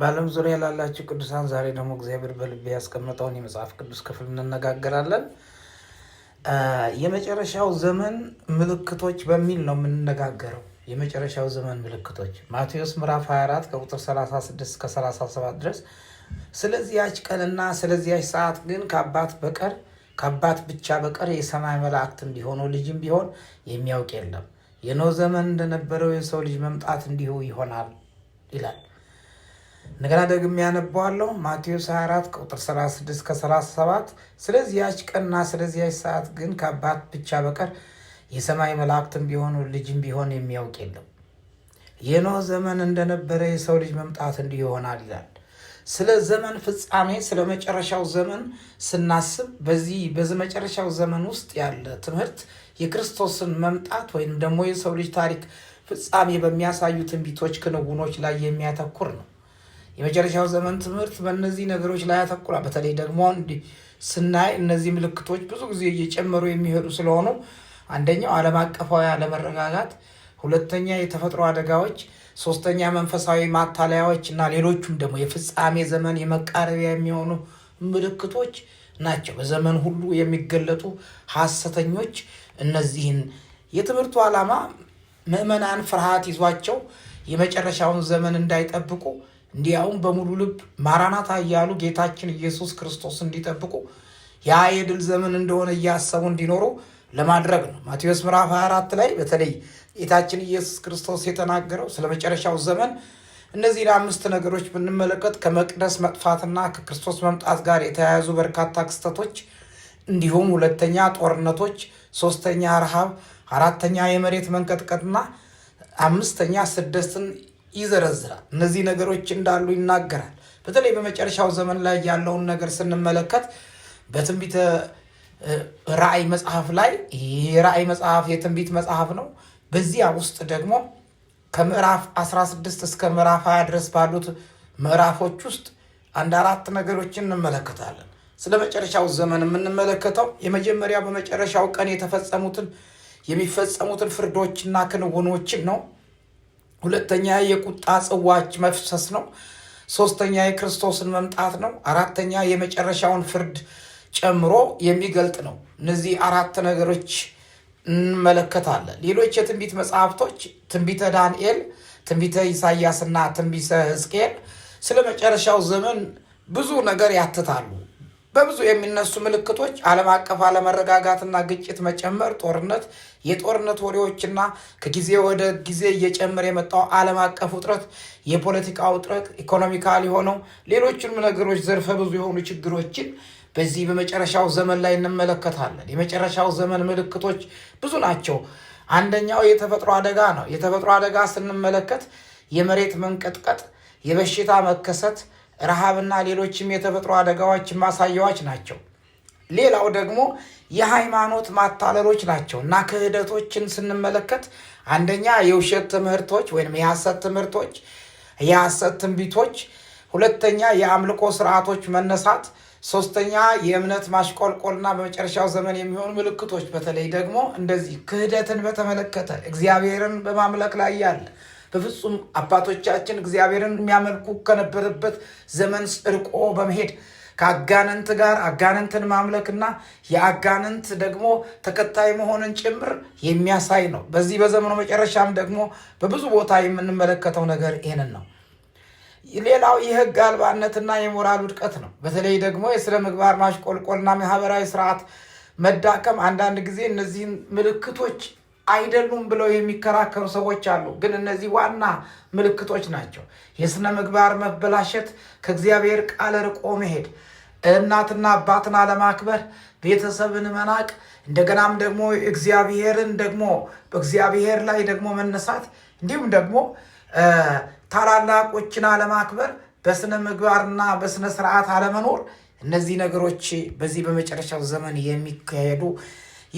በዓለም ዙሪያ ላላችሁ ቅዱሳን ዛሬ ደግሞ እግዚአብሔር በልቤ ያስቀመጠውን የመጽሐፍ ቅዱስ ክፍል እንነጋገራለን። የመጨረሻው ዘመን ምልክቶች በሚል ነው የምንነጋገረው። የመጨረሻው ዘመን ምልክቶች ማቴዎስ ምዕራፍ 24 ከቁጥር 36 እስከ 37 ድረስ። ስለዚያች ቀንና ስለዚያች ሰዓት ግን ከአባት በቀር ከአባት ብቻ በቀር የሰማይ መላእክትም ቢሆኑ ልጅም ቢሆን የሚያውቅ የለም። የኖህ ዘመን እንደነበረው የሰው ልጅ መምጣት እንዲሁ ይሆናል ይላል። እንደገና ደግሜ ያነበዋለሁ ማቴዎስ 24 ቁጥር 36 37 ስለዚህ ያች ቀንና ስለዚህ ያች ሰዓት ግን ከአባት ብቻ በቀር የሰማይ መላእክትም ቢሆኑ ልጅም ቢሆን የሚያውቅ የለም የኖህ ዘመን እንደነበረ የሰው ልጅ መምጣት እንዲህ ይሆናል ይላል ስለ ዘመን ፍጻሜ ስለ መጨረሻው ዘመን ስናስብ በዚህ በዚህ መጨረሻው ዘመን ውስጥ ያለ ትምህርት የክርስቶስን መምጣት ወይም ደግሞ የሰው ልጅ ታሪክ ፍጻሜ በሚያሳዩ ትንቢቶች ክንውኖች ላይ የሚያተኩር ነው የመጨረሻው ዘመን ትምህርት በእነዚህ ነገሮች ላይ ያተኩራል። በተለይ ደግሞ ስናይ እነዚህ ምልክቶች ብዙ ጊዜ እየጨመሩ የሚሄዱ ስለሆኑ አንደኛው ዓለም አቀፋዊ አለመረጋጋት፣ ሁለተኛ የተፈጥሮ አደጋዎች፣ ሶስተኛ መንፈሳዊ ማታለያዎች እና ሌሎቹም ደግሞ የፍጻሜ ዘመን የመቃረቢያ የሚሆኑ ምልክቶች ናቸው። በዘመን ሁሉ የሚገለጡ ሐሰተኞች እነዚህን የትምህርቱ ዓላማ ምዕመናን ፍርሃት ይዟቸው የመጨረሻውን ዘመን እንዳይጠብቁ እንዲያውም በሙሉ ልብ ማራናታ እያሉ ጌታችን ኢየሱስ ክርስቶስ እንዲጠብቁ ያ የድል ዘመን እንደሆነ እያሰቡ እንዲኖሩ ለማድረግ ነው። ማቴዎስ ምዕራፍ 24 ላይ በተለይ ጌታችን ኢየሱስ ክርስቶስ የተናገረው ስለ መጨረሻው ዘመን እነዚህን አምስት ነገሮች ብንመለከት ከመቅደስ መጥፋትና ከክርስቶስ መምጣት ጋር የተያያዙ በርካታ ክስተቶች እንዲሁም ሁለተኛ ጦርነቶች፣ ሶስተኛ ረሃብ፣ አራተኛ የመሬት መንቀጥቀጥና አምስተኛ ስደትን ይዘረዝራል። እነዚህ ነገሮች እንዳሉ ይናገራል። በተለይ በመጨረሻው ዘመን ላይ ያለውን ነገር ስንመለከት በትንቢተ ራእይ መጽሐፍ ላይ ይህ መጽሐፍ የትንቢት መጽሐፍ ነው። በዚያ ውስጥ ደግሞ ከምዕራፍ 16 እስከ ምዕራፍ 20 ድረስ ባሉት ምዕራፎች ውስጥ አንድ አራት ነገሮችን እንመለከታለን። ስለ መጨረሻው ዘመን የምንመለከተው የመጀመሪያ በመጨረሻው ቀን የተፈጸሙትን የሚፈጸሙትን ፍርዶችና ክንውኖችን ነው። ሁለተኛ የቁጣ ጽዋች መፍሰስ ነው። ሶስተኛ የክርስቶስን መምጣት ነው። አራተኛ የመጨረሻውን ፍርድ ጨምሮ የሚገልጥ ነው። እነዚህ አራት ነገሮች እንመለከታለን። ሌሎች የትንቢት መጽሐፍቶች ትንቢተ ዳንኤል፣ ትንቢተ ኢሳያስና ትንቢተ ሕዝቅኤል ስለ መጨረሻው ዘመን ብዙ ነገር ያትታሉ። በብዙ የሚነሱ ምልክቶች ዓለም አቀፍ አለመረጋጋትና ግጭት መጨመር፣ ጦርነት፣ የጦርነት ወሬዎችና ከጊዜ ወደ ጊዜ እየጨመረ የመጣው ዓለም አቀፍ ውጥረት፣ የፖለቲካ ውጥረት፣ ኢኮኖሚካል የሆነው ሌሎችንም ነገሮች ዘርፈ ብዙ የሆኑ ችግሮችን በዚህ በመጨረሻው ዘመን ላይ እንመለከታለን። የመጨረሻው ዘመን ምልክቶች ብዙ ናቸው። አንደኛው የተፈጥሮ አደጋ ነው። የተፈጥሮ አደጋ ስንመለከት የመሬት መንቀጥቀጥ፣ የበሽታ መከሰት ረሃብና ሌሎችም የተፈጥሮ አደጋዎች ማሳያዎች ናቸው። ሌላው ደግሞ የሃይማኖት ማታለሎች ናቸው እና ክህደቶችን ስንመለከት አንደኛ የውሸት ትምህርቶች ወይም የሐሰት ትምህርቶች፣ የሐሰት ትንቢቶች፣ ሁለተኛ የአምልኮ ስርዓቶች መነሳት፣ ሶስተኛ የእምነት ማሽቆልቆልና በመጨረሻው ዘመን የሚሆኑ ምልክቶች፣ በተለይ ደግሞ እንደዚህ ክህደትን በተመለከተ እግዚአብሔርን በማምለክ ላይ ያለ በፍጹም አባቶቻችን እግዚአብሔርን የሚያመልኩ ከነበረበት ዘመን እርቆ በመሄድ ከአጋንንት ጋር አጋንንትን ማምለክና የአጋንንት ደግሞ ተከታይ መሆንን ጭምር የሚያሳይ ነው። በዚህ በዘመኑ መጨረሻም ደግሞ በብዙ ቦታ የምንመለከተው ነገር ይህንን ነው። ሌላው የህግ አልባነትና የሞራል ውድቀት ነው። በተለይ ደግሞ የስነ ምግባር ማሽቆልቆልና ማህበራዊ ስርዓት መዳከም አንዳንድ ጊዜ እነዚህን ምልክቶች አይደሉም ብለው የሚከራከሩ ሰዎች አሉ። ግን እነዚህ ዋና ምልክቶች ናቸው። የሥነ ምግባር መበላሸት፣ ከእግዚአብሔር ቃል ርቆ መሄድ፣ እናትና አባትን አለማክበር፣ ቤተሰብን መናቅ፣ እንደገናም ደግሞ እግዚአብሔርን ደግሞ በእግዚአብሔር ላይ ደግሞ መነሳት እንዲሁም ደግሞ ታላላቆችን አለማክበር፣ በሥነ ምግባርና በሥነ ስርዓት አለመኖር እነዚህ ነገሮች በዚህ በመጨረሻው ዘመን የሚካሄዱ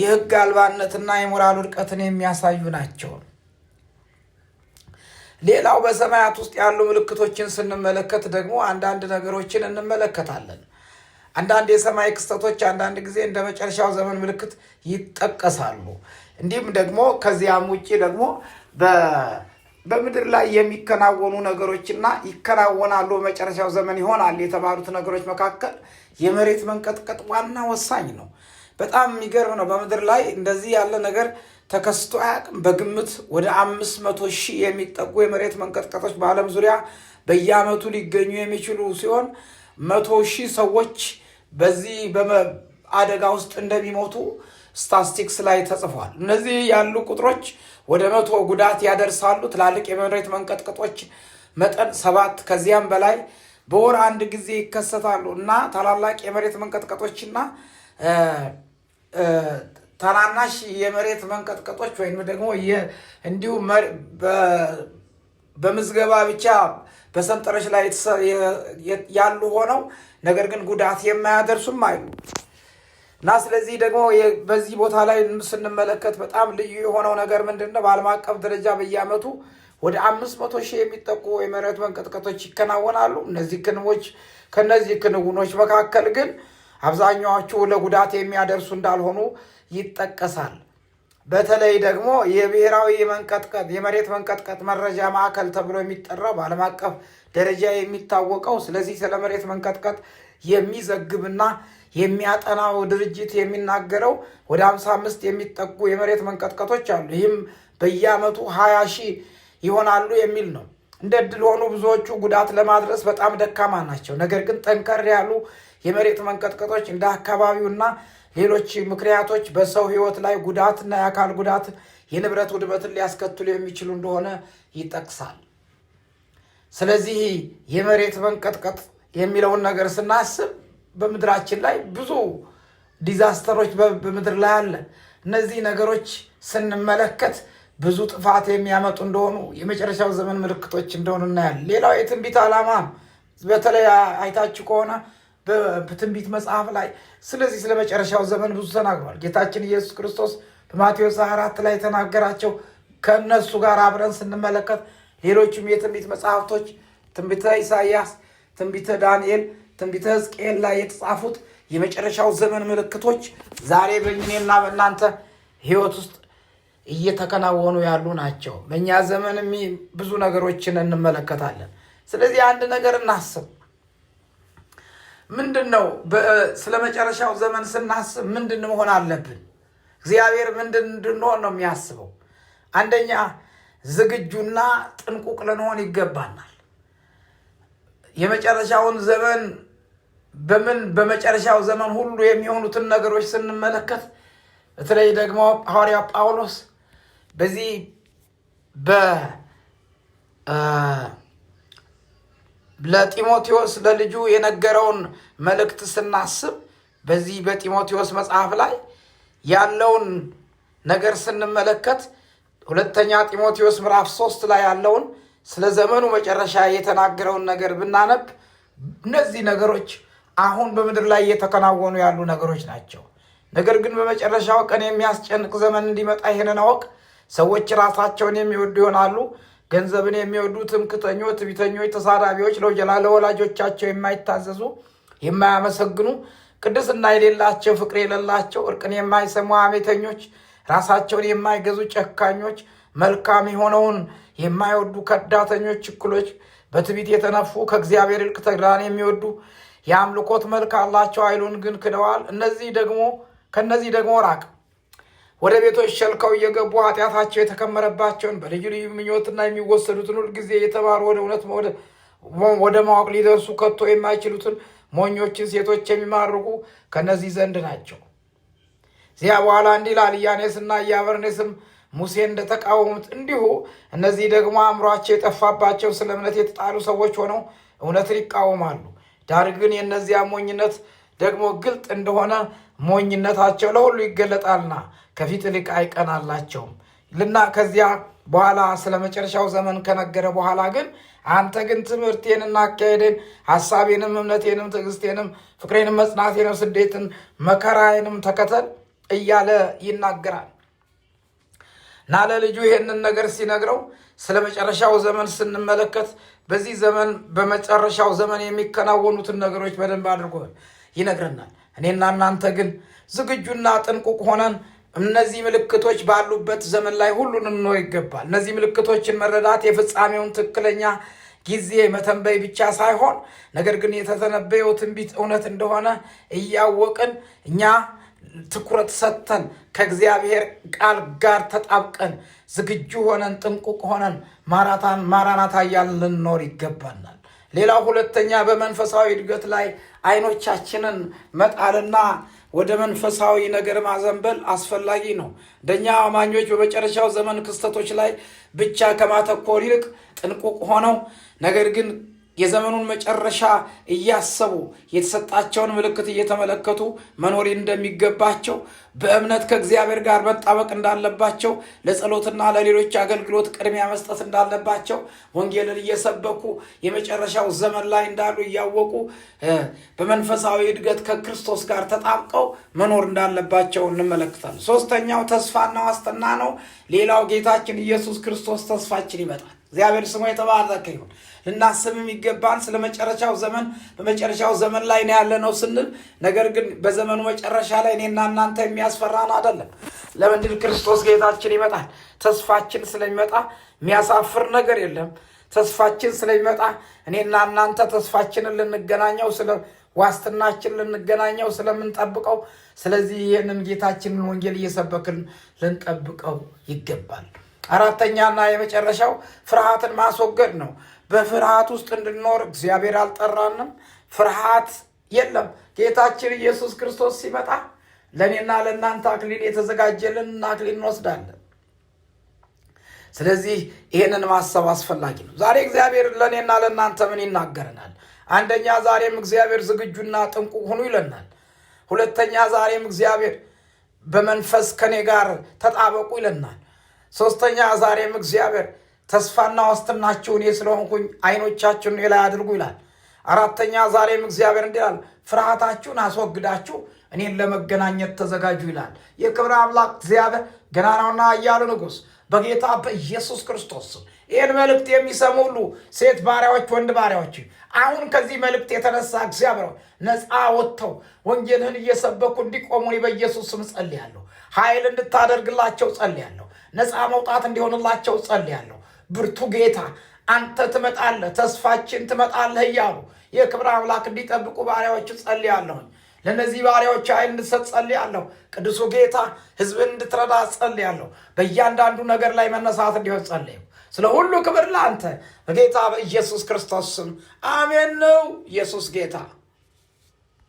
የህግ አልባነትና የሞራል ውድቀትን የሚያሳዩ ናቸው። ሌላው በሰማያት ውስጥ ያሉ ምልክቶችን ስንመለከት ደግሞ አንዳንድ ነገሮችን እንመለከታለን። አንዳንድ የሰማይ ክስተቶች አንዳንድ ጊዜ እንደ መጨረሻው ዘመን ምልክት ይጠቀሳሉ። እንዲሁም ደግሞ ከዚያም ውጭ ደግሞ በምድር ላይ የሚከናወኑ ነገሮችና ይከናወናሉ መጨረሻው ዘመን ይሆናል የተባሉት ነገሮች መካከል የመሬት መንቀጥቀጥ ዋና ወሳኝ ነው። በጣም የሚገርም ነው። በምድር ላይ እንደዚህ ያለ ነገር ተከስቶ አያውቅም። በግምት ወደ አምስት መቶ ሺህ የሚጠጉ የመሬት መንቀጥቀጦች በዓለም ዙሪያ በየዓመቱ ሊገኙ የሚችሉ ሲሆን መቶ ሺህ ሰዎች በዚህ አደጋ ውስጥ እንደሚሞቱ ስታስቲክስ ላይ ተጽፏል። እነዚህ ያሉ ቁጥሮች ወደ መቶ ጉዳት ያደርሳሉ። ትላልቅ የመሬት መንቀጥቀጦች መጠን ሰባት ከዚያም በላይ በወር አንድ ጊዜ ይከሰታሉ እና ታላላቅ የመሬት መንቀጥቀጦችና ታናናሽ የመሬት መንቀጥቀጦች ወይም ደግሞ እንዲሁ በምዝገባ ብቻ በሰንጠረዥ ላይ ያሉ ሆነው ነገር ግን ጉዳት የማያደርሱም አይሉ እና ስለዚህ ደግሞ በዚህ ቦታ ላይ ስንመለከት በጣም ልዩ የሆነው ነገር ምንድነው በአለም በዓለም አቀፍ ደረጃ በየዓመቱ ወደ አምስት መቶ ሺህ የሚጠቁ የመሬት መንቀጥቀጦች ይከናወናሉ። እነዚህ ክንቦች ከነዚህ ክንውኖች መካከል ግን አብዛኛዎቹ ለጉዳት የሚያደርሱ እንዳልሆኑ ይጠቀሳል። በተለይ ደግሞ የብሔራዊ መንቀጥቀጥ የመሬት መንቀጥቀጥ መረጃ ማዕከል ተብሎ የሚጠራው በዓለም አቀፍ ደረጃ የሚታወቀው ስለዚህ ስለ መሬት መንቀጥቀጥ የሚዘግብና የሚያጠናው ድርጅት የሚናገረው ወደ 55 የሚጠጉ የመሬት መንቀጥቀጦች አሉ። ይህም በየዓመቱ 20 ሺህ ይሆናሉ የሚል ነው። እንደ ድል ሆኑ ብዙዎቹ ጉዳት ለማድረስ በጣም ደካማ ናቸው። ነገር ግን ጠንከር ያሉ የመሬት መንቀጥቀጦች እንደ አካባቢውና ሌሎች ምክንያቶች በሰው ህይወት ላይ ጉዳትና የአካል ጉዳት የንብረት ውድመትን ሊያስከትሉ የሚችሉ እንደሆነ ይጠቅሳል። ስለዚህ የመሬት መንቀጥቀጥ የሚለውን ነገር ስናስብ በምድራችን ላይ ብዙ ዲዛስተሮች በምድር ላይ አለ። እነዚህ ነገሮች ስንመለከት ብዙ ጥፋት የሚያመጡ እንደሆኑ የመጨረሻው ዘመን ምልክቶች እንደሆኑ እናያለን። ሌላው የትንቢት ዓላማ በተለይ አይታችሁ ከሆነ በትንቢት መጽሐፍ ላይ ስለዚህ ስለ መጨረሻው ዘመን ብዙ ተናግሯል። ጌታችን ኢየሱስ ክርስቶስ በማቴዎስ አራት ላይ የተናገራቸው ከእነሱ ጋር አብረን ስንመለከት ሌሎችም የትንቢት መጽሐፍቶች ትንቢተ ኢሳይያስ፣ ትንቢተ ዳንኤል፣ ትንቢተ ሕዝቅኤል ላይ የተጻፉት የመጨረሻው ዘመን ምልክቶች ዛሬ በእኔና በእናንተ ሕይወት ውስጥ እየተከናወኑ ያሉ ናቸው። በእኛ ዘመን ብዙ ነገሮችን እንመለከታለን። ስለዚህ አንድ ነገር እናስብ። ምንድን ነው? ስለ መጨረሻው ዘመን ስናስብ ምንድን መሆን አለብን? እግዚአብሔር ምንድን እንድንሆን ነው የሚያስበው? አንደኛ ዝግጁና ጥንቁቅ ልንሆን ይገባናል። የመጨረሻውን ዘመን በምን በመጨረሻው ዘመን ሁሉ የሚሆኑትን ነገሮች ስንመለከት በተለይ ደግሞ ሐዋርያ ጳውሎስ በዚህ በ ለጢሞቴዎስ ለልጁ የነገረውን መልእክት ስናስብ በዚህ በጢሞቴዎስ መጽሐፍ ላይ ያለውን ነገር ስንመለከት ሁለተኛ ጢሞቴዎስ ምዕራፍ ሶስት ላይ ያለውን ስለ ዘመኑ መጨረሻ የተናገረውን ነገር ብናነብ እነዚህ ነገሮች አሁን በምድር ላይ እየተከናወኑ ያሉ ነገሮች ናቸው። ነገር ግን በመጨረሻው ቀን የሚያስጨንቅ ዘመን እንዲመጣ ይህንን አወቅ። ሰዎች ራሳቸውን የሚወዱ ይሆናሉ፣ ገንዘብን የሚወዱ ትምክተኞች፣ ትዕቢተኞች፣ ተሳዳቢዎች፣ ለውጀላ ለወላጆቻቸው የማይታዘዙ የማያመሰግኑ፣ ቅድስና የሌላቸው፣ ፍቅር የሌላቸው፣ እርቅን የማይሰሙ፣ አሜተኞች፣ ራሳቸውን የማይገዙ፣ ጨካኞች፣ መልካም የሆነውን የማይወዱ፣ ከዳተኞች፣ ችኩሎች፣ በትዕቢት የተነፉ፣ ከእግዚአብሔር ይልቅ ተድላን የሚወዱ የአምልኮት መልክ አላቸው፣ ኃይሉን ግን ክደዋል። እነዚህ ደግሞ ከእነዚህ ደግሞ ራቅ። ወደ ቤቶች ሸልከው እየገቡ ኃጢአታቸው የተከመረባቸውን በልዩ ልዩ ምኞትና የሚወሰዱትን ሁልጊዜ እየተማሩ ወደ እውነት ወደ ማወቅ ሊደርሱ ከቶ የማይችሉትን ሞኞችን ሴቶች የሚማርኩ ከነዚህ ዘንድ ናቸው። እዚያ በኋላ እንዲህ ይላል፣ ኢያኔስና ኢያበርኔስም ሙሴን እንደተቃወሙት እንዲሁ እነዚህ ደግሞ አእምሯቸው የጠፋባቸው ስለ እምነት የተጣሉ ሰዎች ሆነው እውነትን ይቃወማሉ። ዳር ግን የእነዚያ ሞኝነት ደግሞ ግልጥ እንደሆነ ሞኝነታቸው ለሁሉ ይገለጣልና ከፊት ይልቅ አይቀናላቸውም ልና ከዚያ በኋላ ስለ መጨረሻው ዘመን ከነገረ በኋላ ግን አንተ ግን ትምህርቴንና አካሄዴን ሀሳቤንም እምነቴንም ትዕግስቴንም ፍቅሬንም መጽናቴንም ስደትን መከራዬንም ተከተል እያለ ይናገራል እና ለልጁ ይሄንን ነገር ሲነግረው ስለ መጨረሻው ዘመን ስንመለከት በዚህ ዘመን በመጨረሻው ዘመን የሚከናወኑትን ነገሮች በደንብ አድርጎ ይነግረናል። እኔና እናንተ ግን ዝግጁና ጥንቁቅ ሆነን እነዚህ ምልክቶች ባሉበት ዘመን ላይ ሁሉ ልንኖር ይገባል። እነዚህ ምልክቶችን መረዳት የፍጻሜውን ትክክለኛ ጊዜ መተንበይ ብቻ ሳይሆን ነገር ግን የተተነበየው ትንቢት እውነት እንደሆነ እያወቅን እኛ ትኩረት ሰጥተን ከእግዚአብሔር ቃል ጋር ተጣብቀን ዝግጁ ሆነን ጥንቁቅ ሆነን ማራታን ማራናታ እያልን ልንኖር ይገባናል። ሌላው ሁለተኛ በመንፈሳዊ እድገት ላይ አይኖቻችንን መጣልና ወደ መንፈሳዊ ነገር ማዘንበል አስፈላጊ ነው። እንደኛ አማኞች በመጨረሻው ዘመን ክስተቶች ላይ ብቻ ከማተኮር ይልቅ ጥንቁቅ ሆነው ነገር ግን የዘመኑን መጨረሻ እያሰቡ የተሰጣቸውን ምልክት እየተመለከቱ መኖር እንደሚገባቸው በእምነት ከእግዚአብሔር ጋር መጣበቅ እንዳለባቸው ለጸሎትና ለሌሎች አገልግሎት ቅድሚያ መስጠት እንዳለባቸው ወንጌልን እየሰበኩ የመጨረሻው ዘመን ላይ እንዳሉ እያወቁ በመንፈሳዊ እድገት ከክርስቶስ ጋር ተጣብቀው መኖር እንዳለባቸው እንመለከታለን። ሶስተኛው ተስፋና ዋስትና ነው። ሌላው ጌታችን ኢየሱስ ክርስቶስ ተስፋችን ይመጣል። እግዚአብሔር ስሙ የተባረከ ይሁን። ልናስብ የሚገባን ስለ መጨረሻው ዘመን በመጨረሻው ዘመን ላይ ነው ያለ ነው ስንል፣ ነገር ግን በዘመኑ መጨረሻ ላይ እኔና እናንተ የሚያስፈራን አይደለም። ለምንድን ክርስቶስ ጌታችን ይመጣል። ተስፋችን ስለሚመጣ የሚያሳፍር ነገር የለም። ተስፋችን ስለሚመጣ እኔና እናንተ ተስፋችንን ልንገናኘው ስለ ዋስትናችን ልንገናኘው ስለምንጠብቀው፣ ስለዚህ ይህንን ጌታችንን ወንጌል እየሰበክን ልንጠብቀው ይገባል። አራተኛና የመጨረሻው ፍርሃትን ማስወገድ ነው። በፍርሃት ውስጥ እንድንኖር እግዚአብሔር አልጠራንም። ፍርሃት የለም። ጌታችን ኢየሱስ ክርስቶስ ሲመጣ ለእኔና ለእናንተ አክሊል የተዘጋጀልን አክሊል እንወስዳለን። ስለዚህ ይህንን ማሰብ አስፈላጊ ነው። ዛሬ እግዚአብሔር ለእኔና ለእናንተ ምን ይናገረናል? አንደኛ ዛሬም እግዚአብሔር ዝግጁና ጥንቁ ሁኑ ይለናል። ሁለተኛ ዛሬም እግዚአብሔር በመንፈስ ከኔ ጋር ተጣበቁ ይለናል። ሶስተኛ ዛሬም እግዚአብሔር ተስፋና ዋስትናችሁ እኔ ስለሆንኩኝ አይኖቻችሁን እኔ ላይ አድርጉ ይላል። አራተኛ ዛሬም እግዚአብሔር እንዲላል ፍርሃታችሁን አስወግዳችሁ እኔን ለመገናኘት ተዘጋጁ ይላል። የክብር አምላክ እግዚአብሔር ገናናውና እያሉ ንጉሥ በጌታ በኢየሱስ ክርስቶስ ይህን መልእክት የሚሰሙ ሁሉ ሴት ባሪያዎች፣ ወንድ ባሪያዎች አሁን ከዚህ መልእክት የተነሳ እግዚአብሔር ነፃ ወጥተው ወንጌልህን እየሰበኩ እንዲቆሙ በኢየሱስ ስም ጸልያለሁ። ኃይል እንድታደርግላቸው ጸልያለሁ። ነፃ መውጣት እንዲሆንላቸው ጸልያለሁ። ብርቱ ጌታ አንተ ትመጣለህ፣ ተስፋችን ትመጣለህ እያሉ የክብር አምላክ እንዲጠብቁ ባሪያዎች ጸልያለሁኝ። ለእነዚህ ባሪያዎች ኃይል እንድትሰጥ ጸልያለሁ። ቅዱሱ ጌታ ህዝብን እንድትረዳ ጸልያለሁ። በእያንዳንዱ ነገር ላይ መነሳት እንዲሆን ጸልዩ። ስለ ሁሉ ክብር ለአንተ በጌታ በኢየሱስ ክርስቶስ ስም አሜን። ነው ኢየሱስ ጌታ